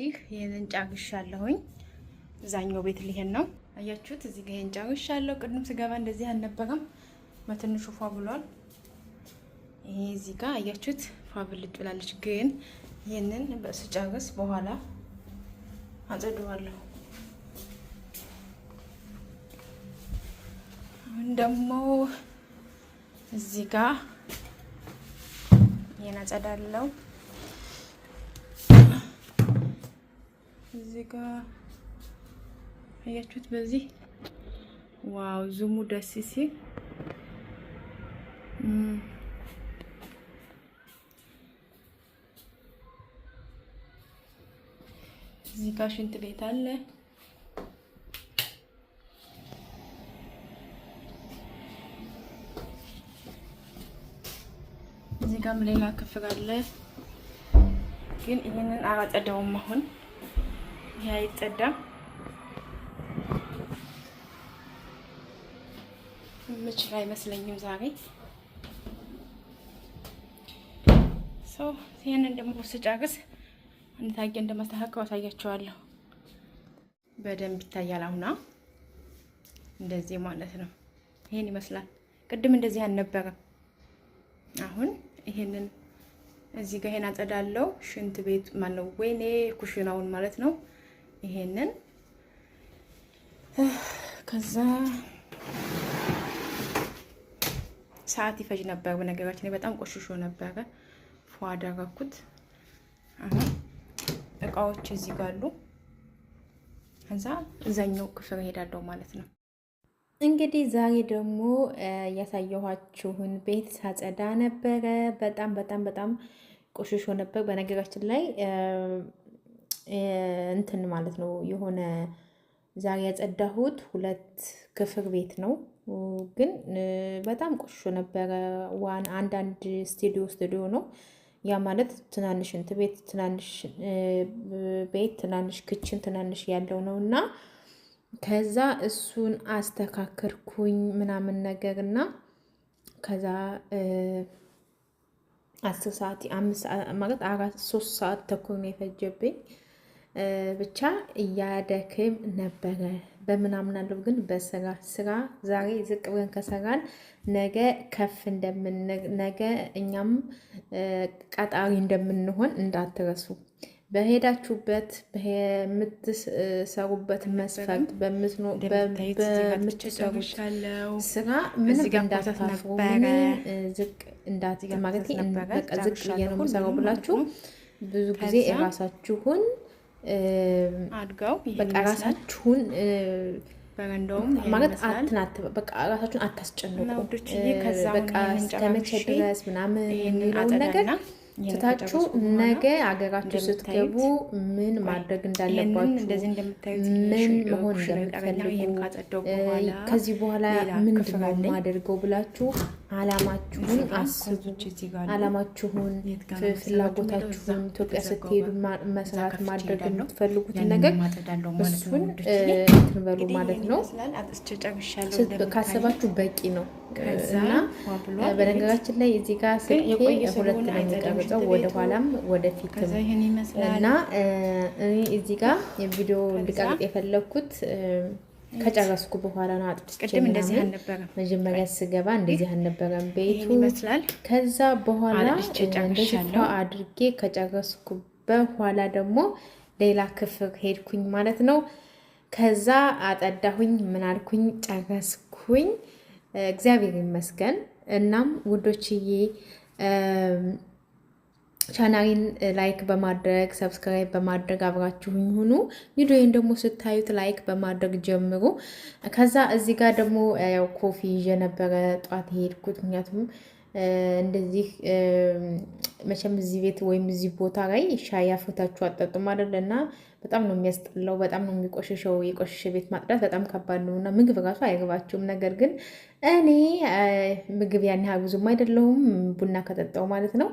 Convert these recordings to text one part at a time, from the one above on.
እንግዲህ ይህንን ጫግሻለሁኝ። እዛኛው ቤት ሊሄን ነው። አያችሁት? እዚህ ጋር ይህን ጫግሻለሁ። ቅድም ስገባ እንደዚህ አልነበረም። በትንሹ ፏ ብሏል። ይሄ እዚህ ጋር አያችሁት? ፏ ብልጭ ብላለች። ግን ይህንን ስጨርስ በኋላ አጸድዋለሁ። አሁን ደግሞ እዚህ ጋር ይህን አጸዳለሁ። እዚህ ጋር አያችሁት። በዚህ ዋው ዙሙ ደስ ሲል እዚህ ጋር ሽንት ቤት አለ። እዚህ ጋርም ሌላ ክፍል አለ፣ ግን ይህንን አላጸደውም አሁን ይህ አይጸዳም። ምችል አይመስለኝም ዛሬ ሰው ይህንን ደግሞ ስጨርስ እንታየ እንደመስተካከው አሳያቸዋለሁ። በደንብ ይታያል። አሁና እንደዚህ ማለት ነው። ይሄን ይመስላል። ቅድም እንደዚህ አልነበረም። አሁን ይሄንን እዚህ ጋር ይሄን አጸዳለሁ። ሽንት ቤት ማነው ወይኔ ኩሽናውን ማለት ነው። ይሄንን ከዛ ሰዓት ይፈጅ ነበር። በነገራችን ላይ በጣም ቆሽሾ ነበረ። ፎ አደረኩት። አሁን እቃዎች እዚህ ጋሉ። ከዛ እዛኛው ክፍል እሄዳለሁ ማለት ነው። እንግዲህ ዛሬ ደግሞ ያሳየኋችሁን ቤት ሳጸዳ ነበረ። በጣም በጣም በጣም ቆሽሾ ነበር በነገራችን ላይ እንትን ማለት ነው የሆነ ዛሬ ያጸዳሁት ሁለት ክፍር ቤት ነው፣ ግን በጣም ቆሾ ነበረ። ዋን አንዳንድ ስቱዲዮ ስቱዲዮ ነው ያ ማለት ትናንሽ እንትን ቤት ትናንሽ ቤት ትናንሽ ክችን ትናንሽ ያለው ነው እና ከዛ እሱን አስተካከልኩኝ ምናምን ነገር እና ከዛ አስር ሰዓት ማለት አራት ሶስት ሰዓት ተኩል ነው የፈጀብኝ። ብቻ እያደክም ነበረ። በምን ግን በስራ ስራ ዛሬ ዝቅ ብለን ከሰራን ነገ ከፍ እንደምን ነገ እኛም ቀጣሪ እንደምንሆን እንዳትረሱ። በሄዳችሁበት በምትሰሩበት መስፈርት በምትሰሩት ስራ ምንም እንዳታፍሩ፣ ዝቅ እንዳት ዝቅ ብዬ ነው የምሰራው ብላችሁ ብዙ ጊዜ የራሳችሁን አድጋው በቃ ራሳችሁን ማለት አትናት በቃ ራሳችሁን አታስጨንቁ። በቃ እስከመቼ ድረስ ምናምን የሚለውን ነገር ትታችሁ ነገ ሀገራችሁ ስትገቡ ምን ማድረግ እንዳለባችሁ፣ ምን መሆን እንደምትፈልጉ፣ ከዚህ በኋላ ምንድን ነው ብላችሁ አላማችሁን አስቡ። አላማችሁን፣ ፍላጎታችሁን ኢትዮጵያ ስትሄዱ መስራት ማድረግ የምትፈልጉትን ነገር እሱን ትንበሉ ማለት ነው። ካሰባችሁ በቂ ነው። እና በነገራችን ላይ እዚህ ጋር ስልኬ ሁለት ነው የሚቀርጸው ወደኋላም ወደፊትም እና እዚህ ጋር የቪዲዮ እንዲቀርጥ የፈለግኩት ከጨረስኩ በኋላ ነው። አጥድቼ ምናምን መጀመሪያ ስገባ እንደዚህ አልነበረም ቤቱ። ከዛ በኋላ እንደዚህ አድርጌ ከጨረስኩ በኋላ ደግሞ ሌላ ክፍል ሄድኩኝ ማለት ነው። ከዛ አጠዳሁኝ ምናልኩኝ ጨረስኩኝ። እግዚአብሔር ይመስገን። እናም ውዶችዬ ቻናሊን ላይክ በማድረግ ሰብስክራይብ በማድረግ አብራችሁኝ ሁኑ። ቪዲዮን ደግሞ ስታዩት ላይክ በማድረግ ጀምሩ። ከዛ እዚህ ጋር ደግሞ ያው ኮፊ የነበረ ጠዋት የሄድኩት ምክንያቱም እንደዚህ መቼም እዚህ ቤት ወይም እዚህ ቦታ ላይ ሻይ አፍታችሁ አጠጡም አይደል? እና በጣም ነው የሚያስጠላው፣ በጣም ነው የሚቆሸሸው። የቆሸሸ ቤት ማጥዳት በጣም ከባድ ነው እና ምግብ ራሱ አይገባችሁም። ነገር ግን እኔ ምግብ ያን ያህል ብዙም አይደለሁም ቡና ከጠጣው ማለት ነው።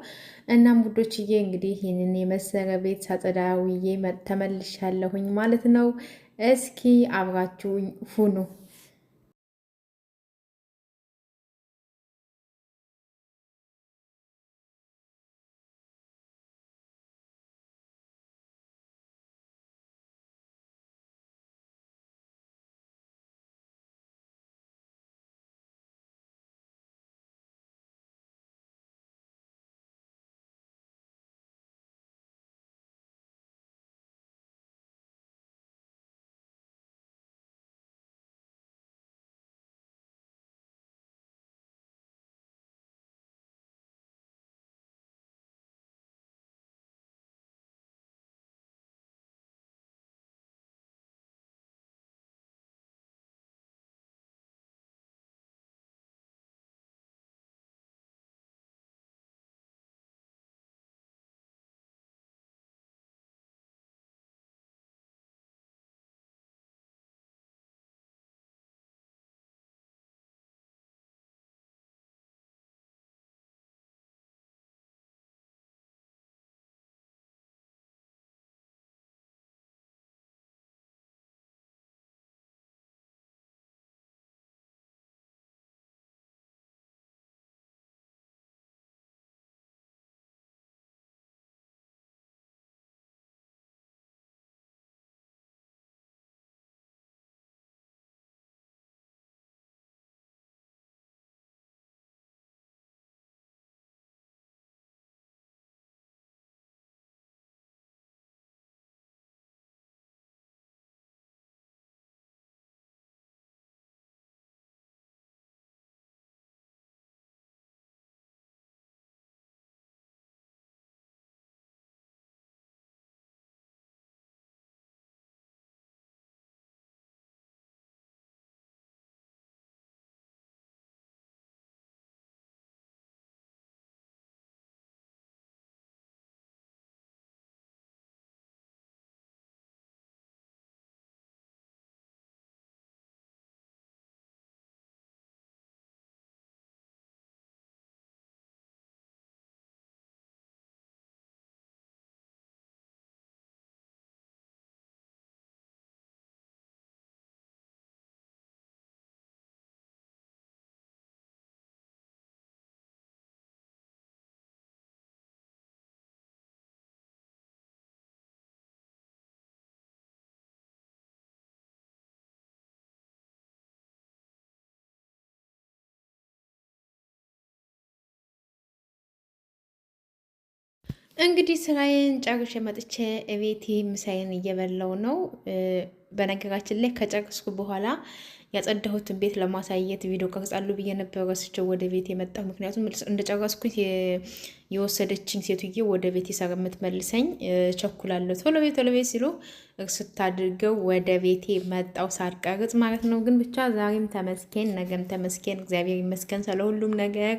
እናም ውዶችዬ እንግዲህ ይህንን የመሰረ ቤት ሳጸዳ ውዬ ተመልሻለሁኝ ማለት ነው። እስኪ አብራችሁኝ ሁኑ። እንግዲህ ስራዬን ጨርሼ መጥቼ እቤቴ ምሳዬን እየበላው ነው። በነገራችን ላይ ከጨረስኩ በኋላ ያጸዳሁትን ቤት ለማሳየት ቪዲዮ ቀርጻሉ ብዬ ነበረ ስቸው ወደ ቤት የመጣሁ። ምክንያቱም እንደጨረስኩኝ የወሰደችኝ ሴትዬ ወደ ቤት ይሰር የምትመልሰኝ ቸኩላለሁ። ቶሎ ቤት ቶሎ ቤት ሲሉ እርስታድርገው ወደ ቤቴ መጣው ሳልቀርጽ ማለት ነው። ግን ብቻ ዛሬም ተመስኬን ነገም ተመስኬን እግዚአብሔር ይመስገን ስለሁሉም ነገር።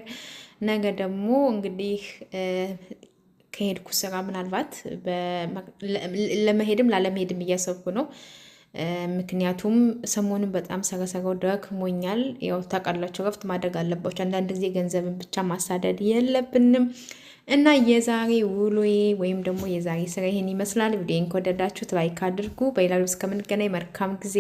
ነገ ደግሞ እንግዲህ ከሄድኩ ስራ ምናልባት ለመሄድም ላለመሄድም እያሰብኩ ነው። ምክንያቱም ሰሞኑን በጣም ሰረሰረው ደክሞኛል። ያው ታውቃላችሁ እረፍት ማድረግ አለባችሁ። አንዳንድ ጊዜ ገንዘብን ብቻ ማሳደድ የለብንም እና የዛሬ ውሎዬ ወይም ደግሞ የዛሬ ስራ ይሄን ይመስላል። ቪዲዮን ከወደዳችሁት ላይክ አድርጉ። በሌላ እስከምንገናኝ መልካም ጊዜ